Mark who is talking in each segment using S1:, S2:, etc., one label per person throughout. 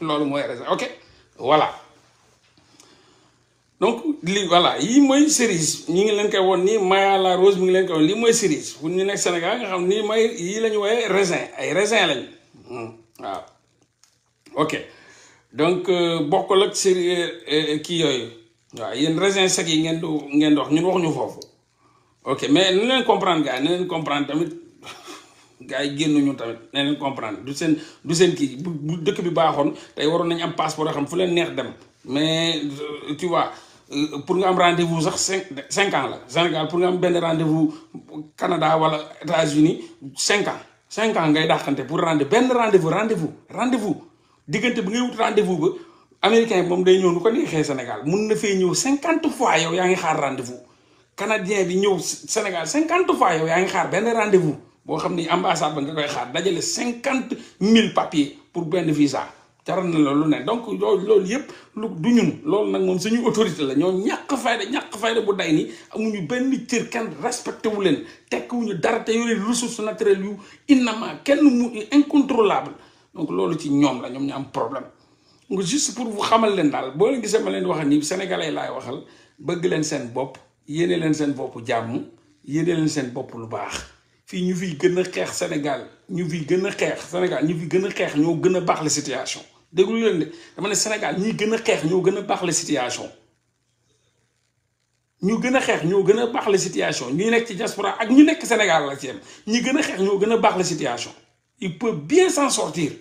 S1: loolu mooy raison ok voilà donc lii voilà yii mooy cerise ñu ngi leen koy woon nii Maya la rose mi ngi leen koy woon lii mooy cerise fu ñu nekk Sénégal nga xam nii may yii la ñu woowee raisin ay raisin lañu hmm, waaw ok donc euh, bokkul ak cerise euh, euh, kii yooyu waaw yéen raisin sec yi ngeen du ngeen di wax ñun waxuñu foofu ok mais ni leen comprendre gars yi ni comprendre tamit. gars yi génnuñu tamit ne leen comprendre du seen du seen kii bu dëkk bi baaxoon tey waroon nañ am passeport yoo xam fu leen neex dem mais euh, tu vois euh, pour nga am rendez-vous sax cinq cinq ans la Sénégal pour nga am benn rendez-vous Canada wala États-Unis cinq ans cinq ans ngay pour rendre benn rendez-vous rendez-vous rendez-vous diggante bu ngay wut rendez-vous ba américain bi moom day ñëw nu ko neexee Sénégal mun na fee ñëw cinquante fois yow yaa ngi xaar rendez-vous canadien bi ñëw Sénégal cinquante fois yow yaa ngi xaar benn rendez-vous boo xam ni ambassade ba nga koy xaar dajale cinquante mille papiers pour benn visa jaral na la lu ne donc loolu loolu yëpp lu du ñun loolu nag moom suñu autorité la ñoo ñàkk fayda ñàkk fayda bu day ni amuñu benn cër kenn respecté wu leen tekkiwuñu dara te yore ressources naturelles yu innama kenn mu incontrôlable donc loolu ci ñoom la ñoom ñu am problème donc juste pour vous xamal leen daal boo leen gisee ma leen wax ni sénégalais laay waxal bëgg leen seen bopp yéene leen seen bopp jàmm yéene leen seen bopp lu baax fii ñu fiy gën a xeex Sénégal ñu fiy gën a xeex Sénégal ñu fiy gën a xeex ñoo gën a baax la situation déglu leen de dama ne Sénégal ñi gën a xeex ñoo gën a baax la situation ñu gën a xeex ñoo gën a baax la situation ñi nekk ci diaspora ak ñu nekk Sénégal la ci yem ñi gën a xeex ñoo gën a baax la situation il peut bien s'en sortir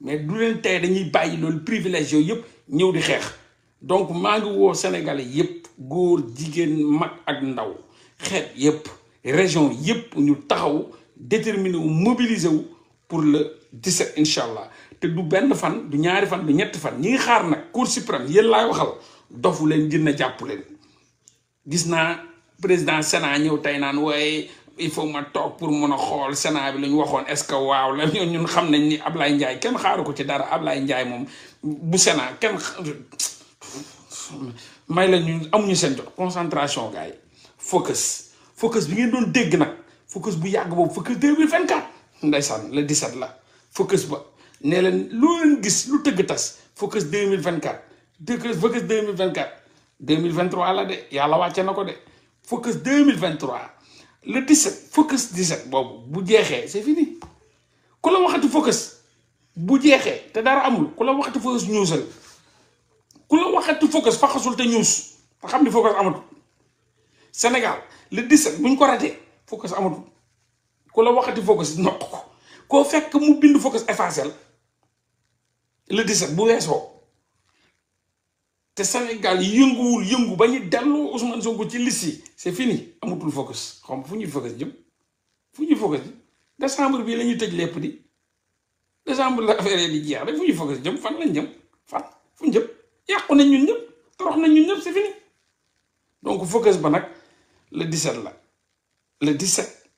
S1: mais du leen tey dañuy bàyyi loolu privilège yooyu yëpp ñëw di xeex donc maa ngi woo Sénégalais yëpp góor jigéen mag ak ndaw xeet yëpp région yëpp ñu taxaw déterminer wu mobiliser wu pour le 17 incha allah te du benn fan du ñaari fan du ñett fan ñi ngi xaar nag cour suprême yéen laay waxal dofu leen jën na jàpp gis naa président Sénat ñëw tey naan waaye il faut ma toog pour mun a xool Sénat bi la ñu waxoon est-ce que waaw la ñun xam nañ ni Ablaye Ndiaye kenn xaaru ko ci dara Ablaye Ndiaye moom bu Sénat kenn may la ñu amuñu seen jot concentration gars yi focus bi ngeen doon dégg nag focus bu yàgg boobu focus 2024 ndeysaan le 17 la focus ba nee leen loo leen gis lu tëgg tas focus 2024 focus focus 2024 2023 la de yàlla wàcce na ko de focus 2023 le 17 focus 17 boobu bu jeexee c'est fini ku la waxati focus bu jeexee te dara amul ku la waxati focus ñuusal ku la waxati focus faxasul te ñuus nga xam ni focus amatul. Sénégal le 17 bu ñu ko ratee focus amatul ku la waxati focus nokk ko koo fekk mu bind focus effacé le set bu weesoo te Sénégal yënguwul yëngu ba ñu delloo Ousmane Sonko ci liste yi c'est fini amatul focus xam fu ñuy focus jëm fu ñuy focus jëm décembre bii la ñuy tëj lépp di sembre la affaire yi di jeex rek fu ñuy focus jëm fan lañ jëm fan fu ñu jëm yàqu nañ ñun ñëpp torox nañ ñun ñëpp c'est fini donc focus ba nag. le dix 17 la le 17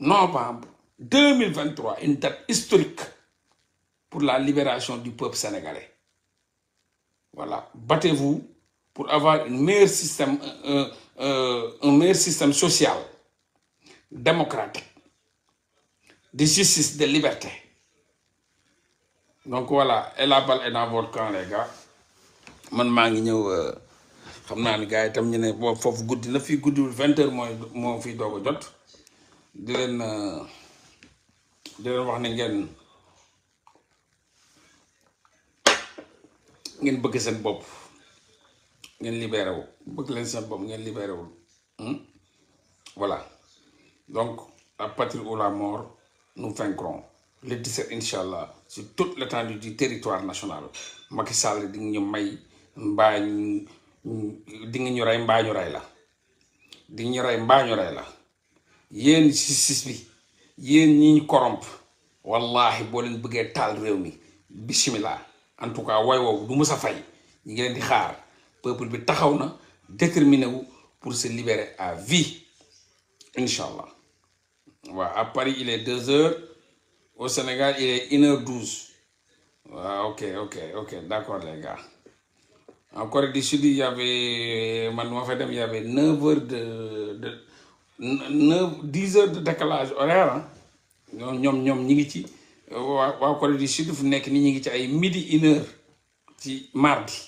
S1: novembre 2023 une date historique pour la libération du peuple sénégalais voilà battez-vous pour avoir une meilleure système euh, euh, meilleur système social démocratique de justice de liberté donc voilà et la balle est dans votre camp man maa ngi ñëw euh, xam naa ni gars yi tam ñu ne boobu foofu guddi na fii guddiwul vingt heures mooy moo fii doogo a jot di leen di leen wax ne ngeen ngeen bëgg seen bopp ngeen libéré bëgg leen seen bopp ngeen libéré wu hmm? donc à patrie ou la mort nous vaincrons le 17 incha allah sur toute l'étendue du territoire national Macky Sall di ñu may mbaa di nga ñu rey mbaa ñu rey la di nga ñu rey mbaa rey la yéen justice bi yéen ñi ñu corrompe wallaahi boo leen bëggee taal réew mi bisimilah en tout cas way woowu du mës a fay ñu ngi leen di xaar peuple bi taxaw na déterminé wu pour se libérer à vi incha allah waaw à Paris il est deux heures au Sénégal il une heure douze waaw ok ok ok d'accord les gars. En Corée du Sud, il y avait, il y avait 9 heures de, de 9, 10 heures de décalage horaire. Hein? ñoom ñoom ñi ngi ci waa waa Corée du Sud fu nekk nii ñi ngi ci ay midi une heure ci mardi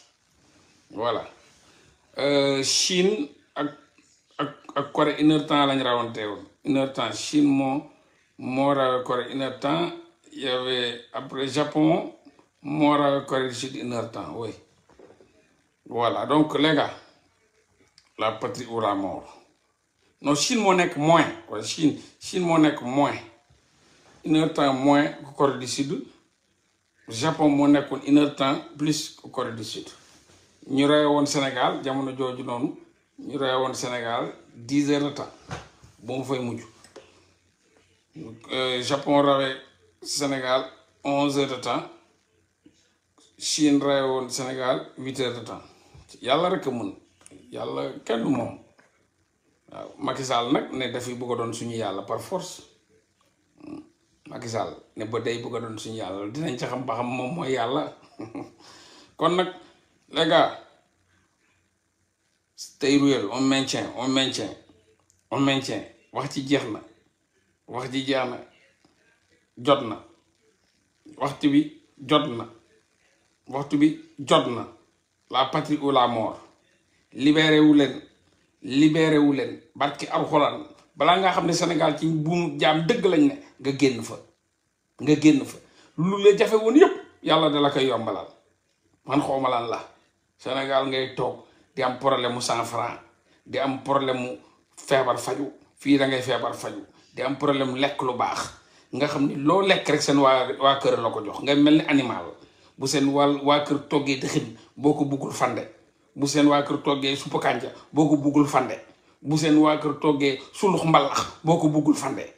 S1: voilà euh, Chine ak ak ak Corée une heure temps lañ rawante woon une heure temps Chine moo moo rawe Corée une heure temps y après Japon moo rawe Corée du Sud une heure temps voilà donc les gars la patrie ou la Chine moo nekk moins wala Chine moo nekk moins une heure temps moins que Corée du Sud Japon moo nekkoon une heure temps plus que Corée du Sud ñu rey woon Sénégal jamono jooju noonu ñu rey woon Sénégal dix heures de temps ba mu fay mujj euh, Japon rawee Sénégal onze heures de temps Chine rey woon Sénégal huit heures de temps. yàlla rek a mën yàlla kenn moom waaw nag ne dafi bëgg doon suñu yàlla par force hmm, Macky ne ba day bëgg a doon suñu yàlla dinañ ci xam moom mooy yàlla kon nag les gars stay real on maintient on maintient wax ci jeex na wax ci jeex na jot na waxtu bi jot na waxtu bi jot na waa patrie ou la mort libéré wu leen libéré wu leen barki alxuraan balaa nga xam ne Sénégal ci bu jaam dëgg lañ ne nga génn fa nga génn fa lu la jafe woon yëpp yàlla da la koy man xawma la Sénégal ngay toog di am problème mu cent di am problème mu feebar faju fii da ngay feebar faju di am problème mu lekk lu baax nga xam ni loo lekk rek seen waa waa kër la ko jox ngay mel ni animal bu seen waa waa kër toggee dëxin boo ko buggul fande bu seen waa kër toggee suppu kànja boo ko buggul fande bu seen waa kër toggee sulux mbalax boo ko buggul fande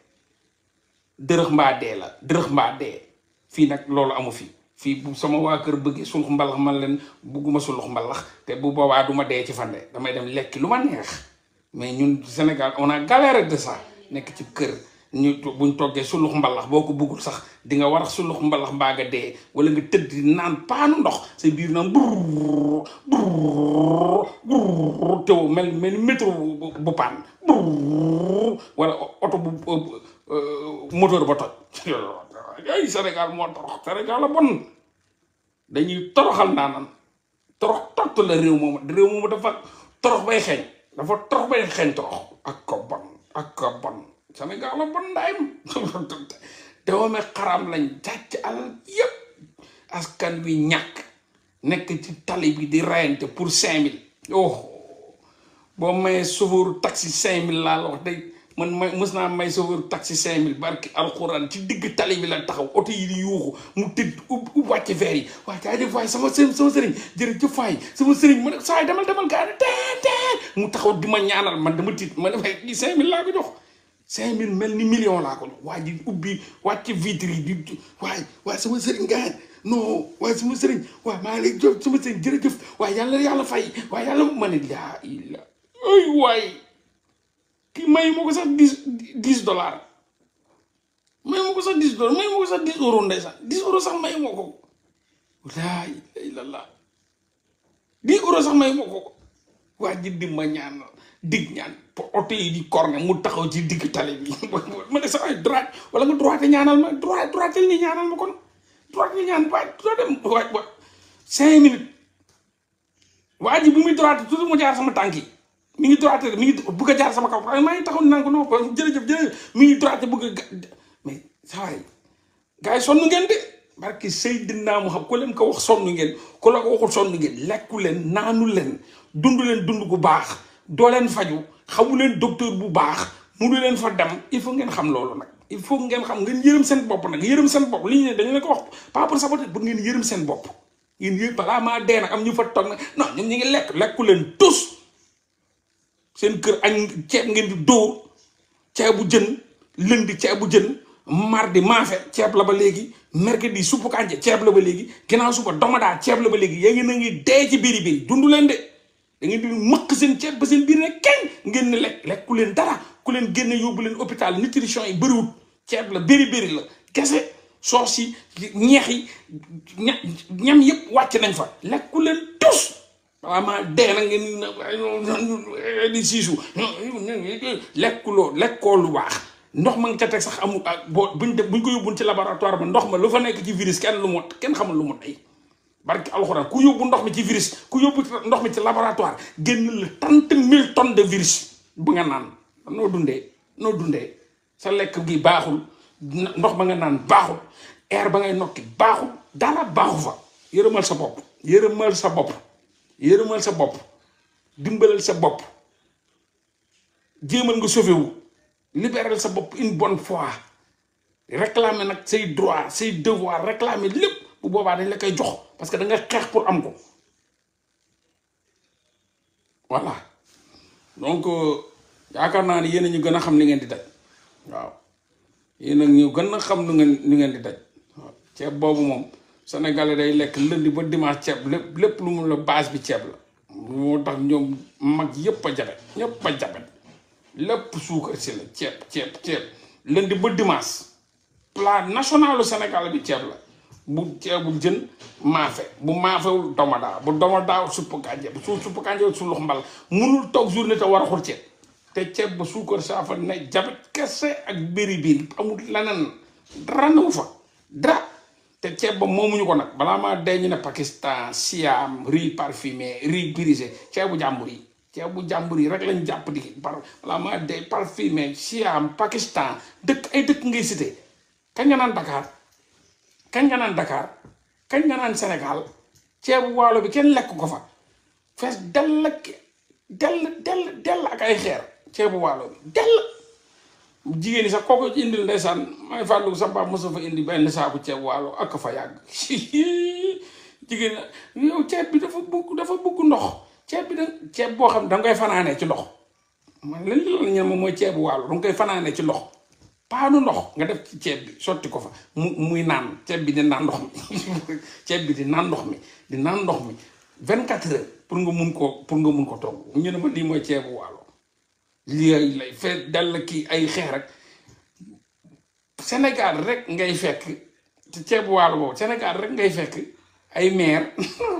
S1: dërëx mbaa dee la dërëx mbaa dee fii nag loolu amu fi fii bu sama waa kër bëggee sulux mbalax man leen bugguma sulux mbalax te bu boobaa duma dee ci fande damay dem lekki lu ma neex mais ñun Sénégal on naa galéré de ça nekk ci kër ñu buñ toggee sulux mbalax boo ko sax di nga war a mbalax mbaa nga wala nga tëdd naan paanu ndox sa biir naan brrr brrr te mel mel métro bu paan brrr wala bu euh, moteur ba toj ay Sénégal moo dañuy toroxal naanan torox tott la réew moomu réew dafa torox bay xeeñ xeeñ torox ak bon ak bon Sénégal la bon ndayam doome xaram lañ jàcc alal yépp askan wi ñàkk nekk ci tali bi di reyante pour cinq mille oh boo mayee chauffeur taxi cinq mille laa la wax day man may mës naa may chauffeur taxi cinq mille barki alxuraan ci digg tali bi la taxaw oto yi di mu tëdd u wàcc verre yi sama sëriñ sama sëriñ jërëjëf waay sama sëriñ ma ne saa yi demal demal gaa tee tee mu taxaw di ma ñaanal man dama tiit ma ne cinq mille laa ko jox cinq mille mel ni million laa ko waa ji ubbi wàcc vitre yi di waay waaye sama sëriñ gars non waaye sama sëriñ waaw maa ngi lay jëf sama sëriñ jërëjëf waaye yàlla yàlla fay waaye yàlla ma ne laa illa ay waay kii may ma ko sax dix dix may ma ko sax dix dollars may ma ko sax dix euros ndeysaan dix euros sax may ma ko laa illa illallah dix may ma waa ji di ma ñaanal dig ñaan oto yi di corne mu taxaw ci digg tali bi ma ne sa ay droite wala nga droite ñaanal ma droite droite ni ñaanal ma kon droite ni ñaan waay doo dem waay ji bu muy droite toujours mu jaar sama tànk yi mi ngi droite mi ngi bëgg a jaar sama kaw maa ngi taxaw naan ko non jërëjëf jërëjëf mi ngi droite bëgg a mais saa waay gars yi sonn ngeen de barki Seydina mu xam ku leen ko wax sonn ngeen ku la ko waxul sonn ngeen lekku leen naanu leen dund leen dund bu baax doo leen faju xamu leen docteur bu baax munu leen fa dem il faut ngeen xam loolu nag il faut ngeen xam ngeen yërëm seen bopp nag yërëm seen bopp li ñu ne dañu leen ko wax pas pour saboter pour ngeen yërëm seen bopp ngeen yë balaa maa dee nag am ñu fa toog nag non ñun ñu ngi lekk lekku leen tous seen kër añ ngeen di dóor ceebu jën lundi ceebu jën mardi maafe ceeb la ba léegi mercredi suppu kànja ceeb la ba léegi ginnaaw suba domadaa ceeb la ba léegi yaa ngi na ngi dee ci biir bi dund leen de da ngeen di mëkk seen ceeb ba seen biir ne kenn ngeen ne lekk lekk ku leen dara ku leen génn yóbbu leen hôpital nutrition yi bëriwut ceeb la bëri bëri la kese soos yi ñeex yi ñam yëpp wàcc nañ fa lekk ku leen tus waaw maa dee na ngeen na di siisu lekkuloo lekkoo lu baax ndox ma nga ca teg sax amul ah, boo buñ def buñ ko yóbbuwoon ci laboratoire ba ndox ma lu fa nekk ci virus kenn lu mot kenn xamul lu mot ay barki alxuraan ku yóbbu ndox mi ci virus ku yóbbu ndox mi ci laboratoire génn la trente mille ton de virus bu nga naan noo dundee noo dundee sa lekk gi baaxul ndox ba nga naan baaxul aire ba ngay nokki baaxul dara baaxu fa yërëmal sa bopp yërëmal sa bopp yërëmal sa bopp dimbalal sa bopp jéemal nga sauvé wu libéral sa bopp une bonne fois réclamer nag say droit say devoir réclamer lépp bu boobaa dañ lekk koy jox parce que da nga xeex pour am ko voilà donc euh, yaakaar naa ne yéen a ñu gën a xam li ngeen di daj waaw yéen a ñu gën a xam lu ngeen lu ngeen di daj waaw ceeb boobu moom sénégalais day lekk lundi ba dimanche ceeb lépp lépp lu mu la base bi ceeb la moo tax ñoom mag yëpp a jabet ñëpp a jabet lépp suukar si la ceeb ceeb ceeb lundi ba dimanche plat national lu Sénégal bi ceeb la bu ceebul jën maafe bu maafewul domadaa bu domadaa supp kànja bu su supp kànja su lux mbal munul toog journée te war a xur ceeb te ceeb ba suukar saafara ne jabet kese ak bëri biir amul leneen dara te ceeb ba moomuñu ko nag balaa maa dee ñu ne Pakistan Siam riz parfumé riz brisé ceebu jàmbur yi ceebu jàmbur yi rek lañ jàpp di par balaa maa dee parfumé Siam Pakistan dëkk ay dëkk ngay cité kañ nga naan Dakar. kañ nga naan dakaar kañ nga naan Sénégal ceebu waalo bi kenn lekk ko fa fees dell ak dell dell dell ak ay xeer ceebu waalo bi dell jigéen ñi sax kooku indil ndeysaan may fàllu sa baab mosa indi benn saaku ceeb waalo ak fa yàgg jigéen yow ceeb bi dafa bugg dafa bugg ndox ceeb bi da ceeb boo xam da nga koy fanaanee ci ndox man lañ loolu ñen moom mooy ceebu waalo da koy fanaanee ci ndox paanu ndox nga def ceeb bi sotti ko fa mu muy naan ceeb bi di naan ndox mi ceeb bi di naan ndox mi di naan ndox mi 24 heures pour nga mun ko pour nga mun ko togg ñu ne ma lii mooy ceebu waalo lii lay fe dal kii ay xeex rek Sénégal rek ngay fekk ci ceebu waalo boobu Sénégal rek ngay fekk ay maire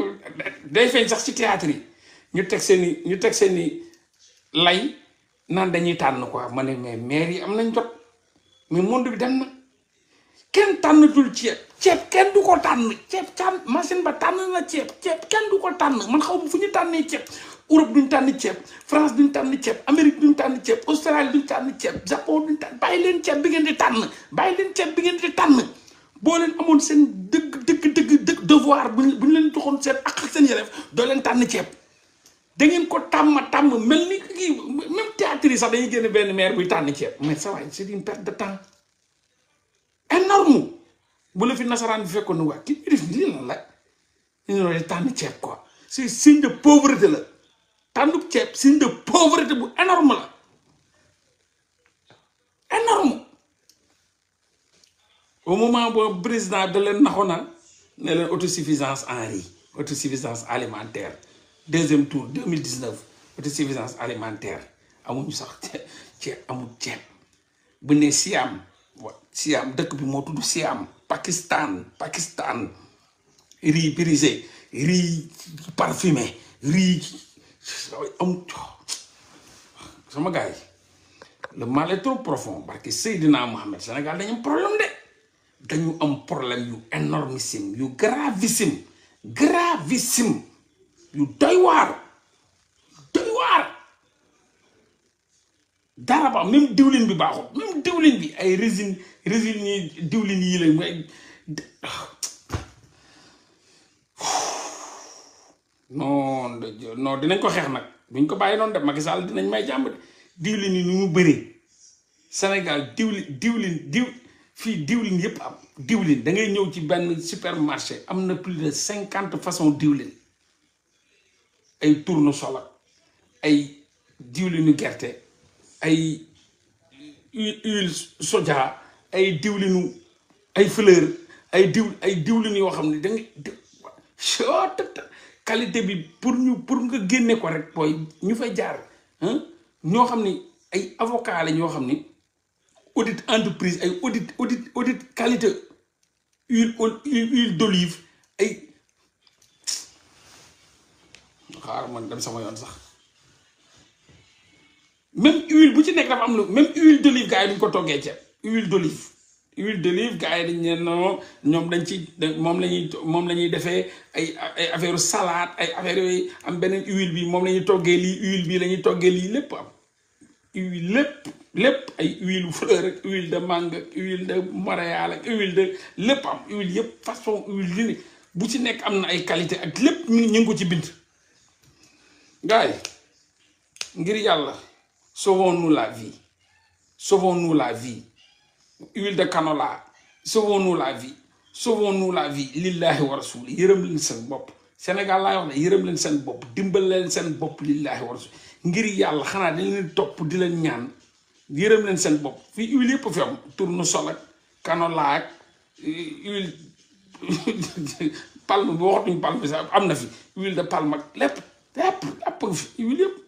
S1: day feeñ sax ci théâtre yi ñu teg seen i ñu teg seen i lay naan dañuy tànn quoi ma ne mais maire yi am nañ jot. mais monde bi dem na kenn tànnatul ceeb ceeb kenn du ko tànn ceeb tànn machine ba tànn na ceeb ceeb kenn du ko tànn man xaw ma fu ñu tànnee ceeb Europe ñu tànn ceeb France ñu tànn ceeb Amérique ñu tànn ceeb Australie duñ tànn ceeb Japon duñ tànn bàyyi leen ceeb bi ngeen di tànn bàyyi leen ceeb bi ngeen di tànn boo leen amoon seen dëgg dëgg dëgg dëgg devoir bu ñu leen joxoon seen ak seen yelef doo leen tànn ceeb da ngeen ko tàmm tàmm mel ni kii même théâtre yi sax dañuy génn benn maire buy tànn ceeb mais ça va c' est perte de temps énorme bu la fi nasaraan bi fekkoon ne waa kii bi def lii la ñu ne tànn ceeb quoi c' est signe de pauvreté la tànnub ceeb signe bu énorme la énorme au moment président da leen naxoon na ne leen autosuffisance en riz autosuffisance alimentaire deuxième tour 2019 autosuffisance alimentaire amuñu sax ceeb amul ceeb bu ne Siam wa Siam dëkk bi moo tudd Siam Pakistan Pakistan riz brisé riz parfumé riz am sama gars yi le mal est trop profond parce que Seydina Mohamed Sénégal dañu am problème de dañu am problème yu énormissime yu gravissime gravissime yu doy waar doy waar dara ba même diwlin bi baaxul même diwlin bi ay résine résine yi diwlin yi la ngay non non dinañ ko xeex nag buñ ko bàyyi noonu def Macky dinañ may jàmb de diwlin yi nu mu bëree Sénégal diwlin diwlin diw fii diwlin yépp am diwlin dangay ñëw ci benn supermarché am na plus de cinquante façon diwlin ay tournesol ak ay diwlinu gerte ay huile soja ay diwlinu ay fleur ay diw ay diwlin yoo xam ni da nga qualité bi pour ñu pour nga génne ko rek booy ñu fay jaar ñoo xam ne ay avocat la ñoo xam ni audit entreprise ay audit audit audit qualité huile huile d'olive ay xaar man dem sama yoon sax même huile bu ci nekk dafa am lu même huile d'olive gars yi duñ ko toggee ceeb huile d'olive huile d'olive gars yi dañ ne non ñoom dañ ci moom la ñuy moom la ñuy defee ay ay affaire salade ay affaire yooyu am beneen huile bi moom la ñuy toggee lii huile bi la toggee lii lépp am huile lépp ay huile fleur ak huile de mangue lépp am huile yëpp façon huile yu ne bu ci nekk am na ay qualité ak lépp ñu ngi ko ci bind gars ngir yàlla sauvons-nous la vie sauvons-nous la vie huile de canola la wa rasuli yërëm leen seen bopp Sénégal laay wax yërëm leen seen bopp dimbal leen seen bopp lillahi wa rasuli ngir yàlla xanaa dañ leen topp di leen ñaan yërëm leen seen bopp fii huile yëpp fi am tournesol ak canola ak eh, huile palme boo waxatuñu sax am na fi huile de palme ak lépp yàpp yàpp fi huile yëpp